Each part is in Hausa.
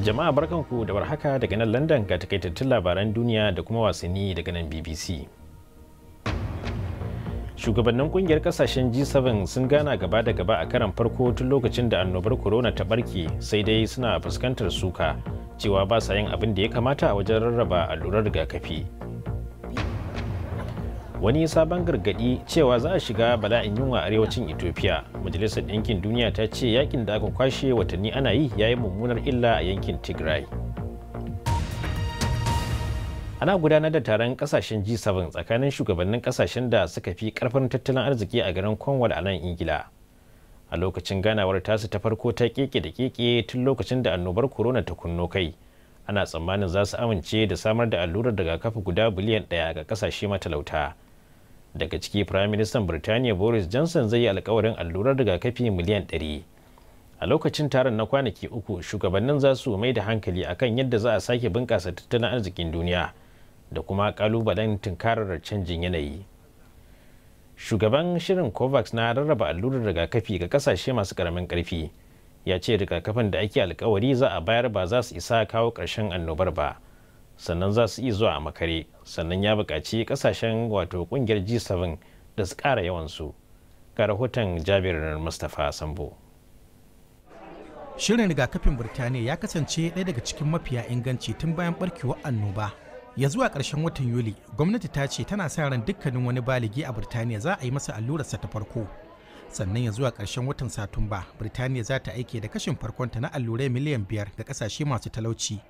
Jama'a barkanku da warhaka daga nan London ga takaitattun labaran duniya da kuma wasanni daga nan BBC. shugabannin kungiyar kasashen g7 sun gana gaba da gaba a karan farko tun lokacin da annobar corona ta barke sai dai suna fuskantar suka cewa ba sa yin abin da ya kamata a wajen rarraba allurar rigakafi wani sabon gargadi cewa za a shiga bala'in yunwa arewacin ethiopia majalisar ɗinkin duniya ta ce yakin da aka kwashe watanni ana yi ya yi mummunar illa a yankin tigray ana gudanar da taron kasashen G7 tsakanin shugabannin kasashen da suka fi karfin tattalin arziki a garin Cornwall a nan Ingila. A lokacin ganawar tasu ta farko ta keke da keke tun lokacin da annobar corona ta kunno kai. Ana tsammanin za su amince da samar da allurar daga kafa guda biliyan ɗaya ga kasashe matalauta. Daga ciki Prime Minister Birtaniya Boris Johnson zai yi alkawarin allurar daga rigakafi miliyan ɗari. A lokacin taron na kwanaki uku shugabannin za su mai da hankali akan yadda za a sake bunƙasa tattalin arzikin duniya. da kuma kalubalen tunkarar canjin yanayi shugaban shirin covax na rarraba allurar rigakafi ga kasashe masu karamin karfi ya ce rigakafin da ake alkawari za a bayar ba za su isa kawo ƙarshen annobar ba sannan za su iya zuwa a makare sannan ya buƙaci kasashen wato ƙungiyar g7 da su ƙara yawansu ga rahoton jabirin mustapha sambo shirin rigakafin birtaniya ya kasance ɗaya daga cikin mafiya inganci tun bayan barkewar annoba ya zuwa ƙarshen watan yuli gwamnati ta ce tana sa ran dukkanin wani baligi a birtaniya za a yi masa allurarsa ta farko sannan ya zuwa ƙarshen watan satumba birtaniya za ta aike da kashin farkonta na allurai miliyan biyar ga ƙasashe masu talauci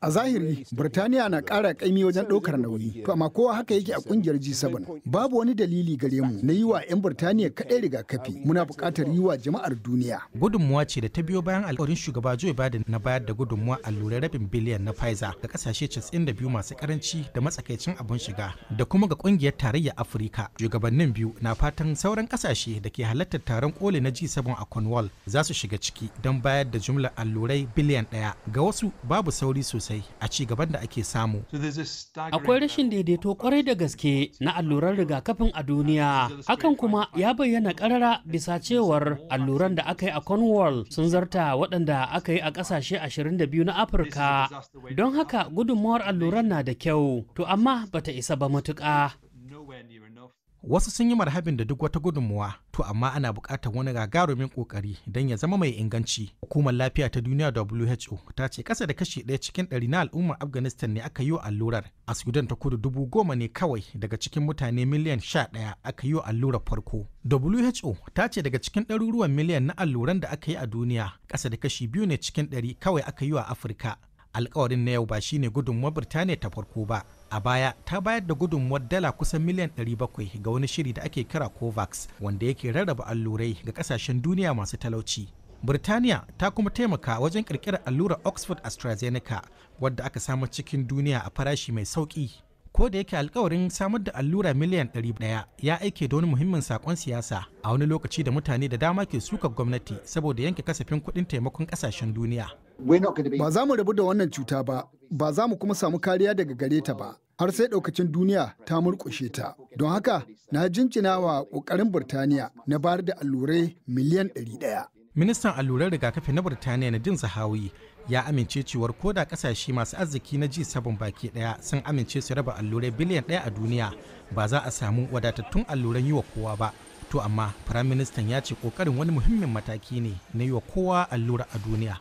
A zahiri, Birtaniya na ƙara ƙaimi wajen ɗaukar nauyi, to amma kowa haka yake a ƙungiyar G7. Babu wani dalili gare mu na yi wa 'yan Birtaniya kaɗai rigakafi, muna buƙatar yi wa jama'ar duniya. Gudunmuwa ce da ta biyo bayan alƙawarin shugaba Joe Biden na bayar da gudunmuwa lura rabin biliyan na Pfizer ga ƙasashe 92 masu ƙaranci da matsakaicin abin shiga da kuma ga ƙungiyar tarayyar Afirka. Shugabannin biyu na fatan sauran ƙasashe da ke halartar taron ƙoli na G7 a Cornwall za su shiga ciki don bayar da jumlar allurai biliyan ɗaya ga wasu ba babu sauri sosai a ci gaban da ake samu. Akwai rashin daidaito kwarai da gaske na alluran rigakafin a duniya. Hakan kuma ya bayyana karara bisa cewar alluran da aka yi a Cornwall sun zarta waɗanda aka yi a ƙasashe 22 na Afirka. Don haka gudunmawar alluran na da kyau, to amma bata isa ba matuƙa. wasu sun yi marhabin da duk wata gudunmuwa to amma ana buƙatar wani gagarumin ƙoƙari don ya zama mai inganci hukumar lafiya ta duniya who ta ce ƙasa da kashi ɗaya cikin ɗari na al'ummar afghanistan ne aka yi wa allurar a sudan ta kudu dubu goma ne kawai daga cikin mutane miliyan sha ɗaya aka yi wa allurar farko who ta ce daga cikin ɗaruruwan miliyan na alluran da aka yi a duniya ƙasa da kashi biyu ne cikin ɗari kawai aka yi wa afirka alkawarin na yau ba shine gudunmuwar birtaniya ta farko ba a baya ta bayar da gudunmuwar dala kusan miliyan 700 ga wani shiri da ake kira covax wanda yake rarraba allurai ga kasashen duniya masu talauci Birtaniya ta kuma taimaka wajen kirkirar allurar Oxford AstraZeneca wadda aka samu cikin duniya a farashi mai sauki. Ko da yake alkawarin samar da allura miliyan 100 ya aike da wani muhimmin sakon siyasa a wani lokaci da mutane da dama ke suka gwamnati saboda yanke kasafin kuɗin taimakon ƙasashen duniya. Ba za mu rabu da wannan cuta ba, ba za mu kuma samu kariya daga gare ta ba, har sai ɗaukacin duniya ta murƙushe ta. Don haka, na jinjina wa ƙoƙarin burtaniya na bayar da allurai miliyan ɗari ɗaya. Ministan allurar rigakafi na burtaniya na jin Zahawi ya amince cewar koda ƙasashe masu arziki na ji sabon baki ɗaya sun amince su raba allurai biliyan ɗaya a duniya ba za a samu wadatattun alluran yi wa kowa ba. To amma Firaministan ya ce kokarin wani muhimmin mataki ne na yi wa kowa allura a duniya.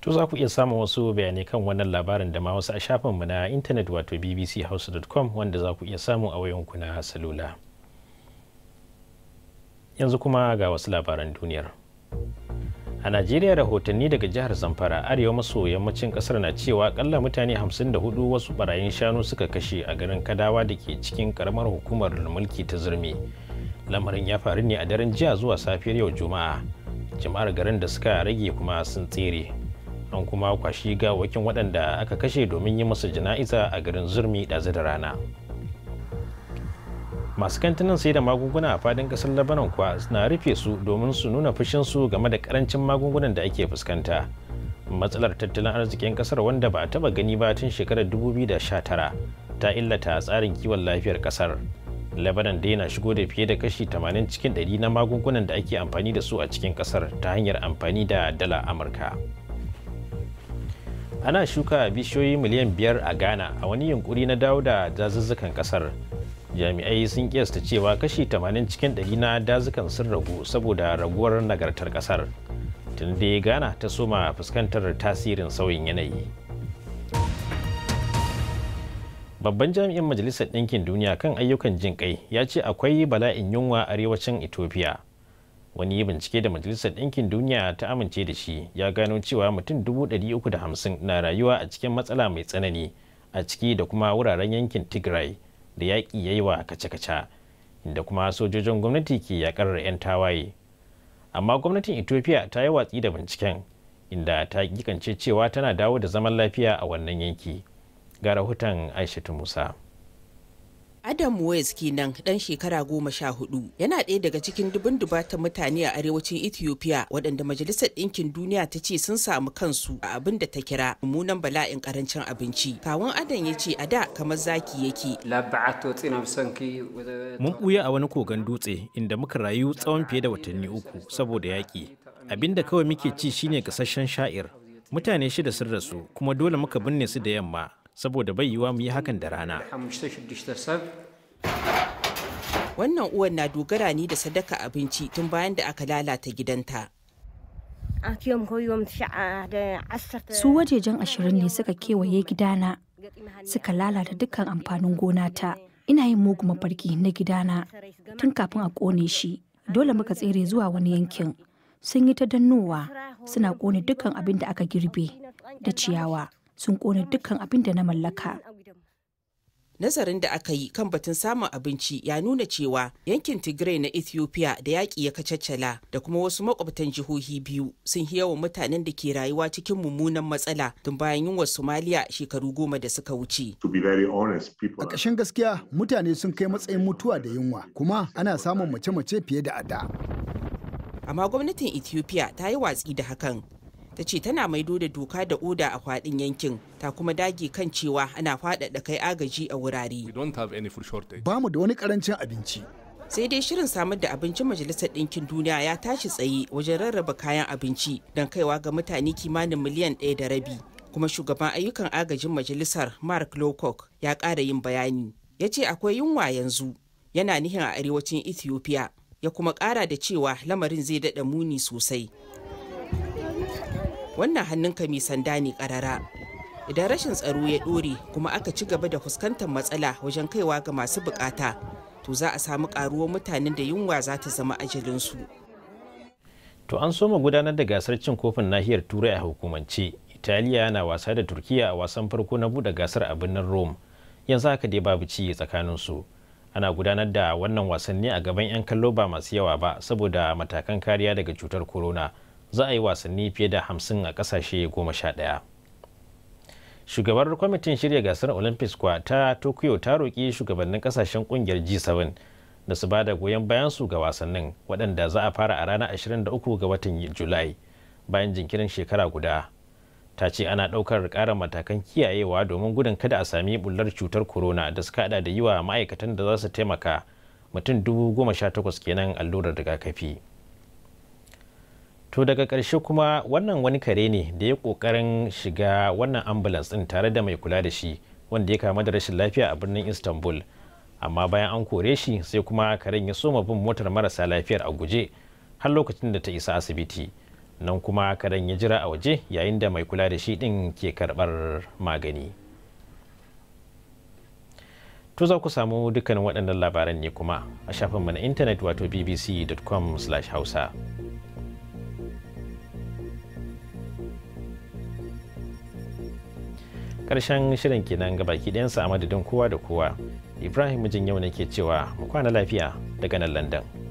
To za ku iya samun wasu bayanai kan wannan labarin da ma wasu a shafinmu na intanet wato bbchouse.com wanda za ku iya samu a wayanku na salula. Yanzu kuma ga wasu labaran duniyar. A Najeriya rahotanni daga jihar Zamfara arewa maso yammacin kasar na cewa kalla mutane 54 wasu barayin shanu suka kashe a garin Kadawa da ke cikin karamar hukumar mulki ta Zurmi. Lamarin ya faru ne a daren jiya zuwa safiyar yau Juma'a. Jama'ar garin da suka rage kuma sun tsere an kuma kwashi ga wakin waɗanda aka kashe domin yi musu jana'iza a garin zurmi ɗazu da rana masu kantinan sai da magunguna a fadin kasar labanan kuwa na rufe su domin su nuna fushin su game da karancin magungunan da ake fuskanta matsalar tattalin arzikin kasar wanda ba a taba gani ba tun shekarar 2019 ta illata tsarin kiwon lafiyar kasar labanan dai na shigo da fiye da kashi 80 cikin 100 na magungunan da ake amfani da su a cikin kasar ta hanyar amfani da dala amurka ana shuka bishiyoyi miliyan biyar a ghana a wani yunkuri na dawo da dazuzzukan kasar jami'ai sun kiyasta cewa kashi 80 cikin ɗari na dazukan sun ragu saboda raguwar nagartar kasar tun dai ghana ta soma fuskantar tasirin sauyin yanayi babban jami'in majalisar ɗinkin duniya kan ayyukan jin kai ya ce akwai bala'in yunwa a arewacin ethiopia wani bincike da majalisar ɗinkin duniya ta amince da shi ya gano cewa mutum 350 na rayuwa a cikin matsala mai tsanani a ciki da kuma wuraren yankin tigray da yaƙi ya yi wa kace-kace inda kuma sojojin gwamnati ke yaƙar 'yan tawaye amma gwamnatin ethiopia ta yi watsi da binciken inda ta kikance cewa tana dawo da zaman lafiya a wannan yanki ga rahoton aishatu musa Adam West kenan dan shekara goma sha hudu yana ɗaya daga cikin dubun dubata mutane a arewacin Ethiopia waɗanda Majalisar Ɗinkin Duniya ta ce sun samu kansu a abin da ta kira mummunan bala'in karancin abinci. Kawun Adam ya ce a da kamar zaki yake. Mun ɓuya a wani kogon dutse inda muka rayu tsawon fiye da watanni uku saboda yaƙi. Abin da kawai muke ci shine gasasshen sha'ir. Mutane shida sun rasu kuma dole muka binne su da yamma saboda bai yiwa mu yi hakan da rana. Wannan uwan na dogara ne da sadaka abinci tun bayan da aka lalata gidanta. Su wajejen ashirin ne suka kewaye gidana, suka lalata dukkan amfanin gona ta Ina yin mugu mafarki na gidana tun kafin a ƙone shi. Dole muka tsere zuwa wani yankin. Sun yi ta dannowa suna ƙone dukkan abin da aka girbe da ciyawa. sun ƙone dukkan abin da na mallaka. Nazarin da aka yi kan batun samun abinci ya nuna cewa yankin Tigray na Ethiopia da yaƙi ya kacaccala da kuma wasu makwabtan jihohi biyu sun yi yawan mutanen da ke rayuwa cikin mummunan matsala tun bayan yunwar Somalia shekaru goma da suka wuce. A ƙashin gaskiya mutane sun kai matsayin mutuwa da yunwa kuma ana samun mace-mace fiye da ada. Amma gwamnatin Ethiopia ta yi watsi da hakan ta ce tana maido da doka da oda a fadin yankin ta kuma dage kan cewa ana faɗaɗa kai agaji a wurare. Ba mu da wani karancin abinci. sai dai shirin samar da abincin majalisar ɗinkin duniya ya tashi tsaye wajen rarraba kayan abinci don kaiwa ga mutane kimanin miliyan ɗaya da rabi kuma shugaban ayyukan agajin majalisar mark lowcock ya ƙara yin bayani ya ce akwai yunwa yanzu yana nihin a arewacin ethiopia ya kuma ƙara da cewa lamarin zai daɗa muni sosai wannan hannunka mai sanda ne karara idan rashin tsaro ya dore kuma aka ci gaba da fuskantar matsala wajen kaiwa ga masu bukata to za a samu karuwar mutanen da yunwa za ta zama ajalinsu to an soma gudanar da gasar cin kofin nahiyar turai a hukumance italiya na wasa da turkiya a wasan farko na buɗe gasar a birnin rome yanzu haka dai babu ci tsakaninsu ana gudanar da wannan wasanni a gaban 'yan kallo ba masu yawa ba saboda matakan kariya daga cutar corona. za a yi wasanni fiye da hamsin a kasashe goma sha ɗaya shugabar kwamitin shirya gasar olympics kwa ta tokyo ta roƙi shugabannin kasashen ƙungiyar g7 da su ba da goyon bayan su ga wasannin waɗanda za a fara a ranar 23 ga watan julai bayan jinkirin shekara guda ta ce ana ɗaukar ƙara matakan kiyayewa domin gudun kada a sami bullar cutar corona da suka hada da yi wa ma'aikatan da za su taimaka mutum dubu goma sha takwas kenan allurar rigakafi to daga ƙarshe kuma wannan wani kare ne da ya ƙoƙarin shiga wannan ambulance ɗin tare da mai kula da shi wanda ya kama da rashin lafiya a birnin istanbul amma bayan an kore shi sai kuma karen ya soma bin motar marasa lafiyar a guje har lokacin da ta isa asibiti nan kuma karen ya jira a waje yayin da mai kula da shi ɗin ke karɓar magani to za ku samu dukkanin waɗannan labaran ne kuma a shafinmu na intanet wato bbc.com/hausa. karshen shirin kenan ga baki ɗayansa a madadin kowa da kowa ibrahim mijin yau ne ke cewa mu kwana lafiya daga nan landan.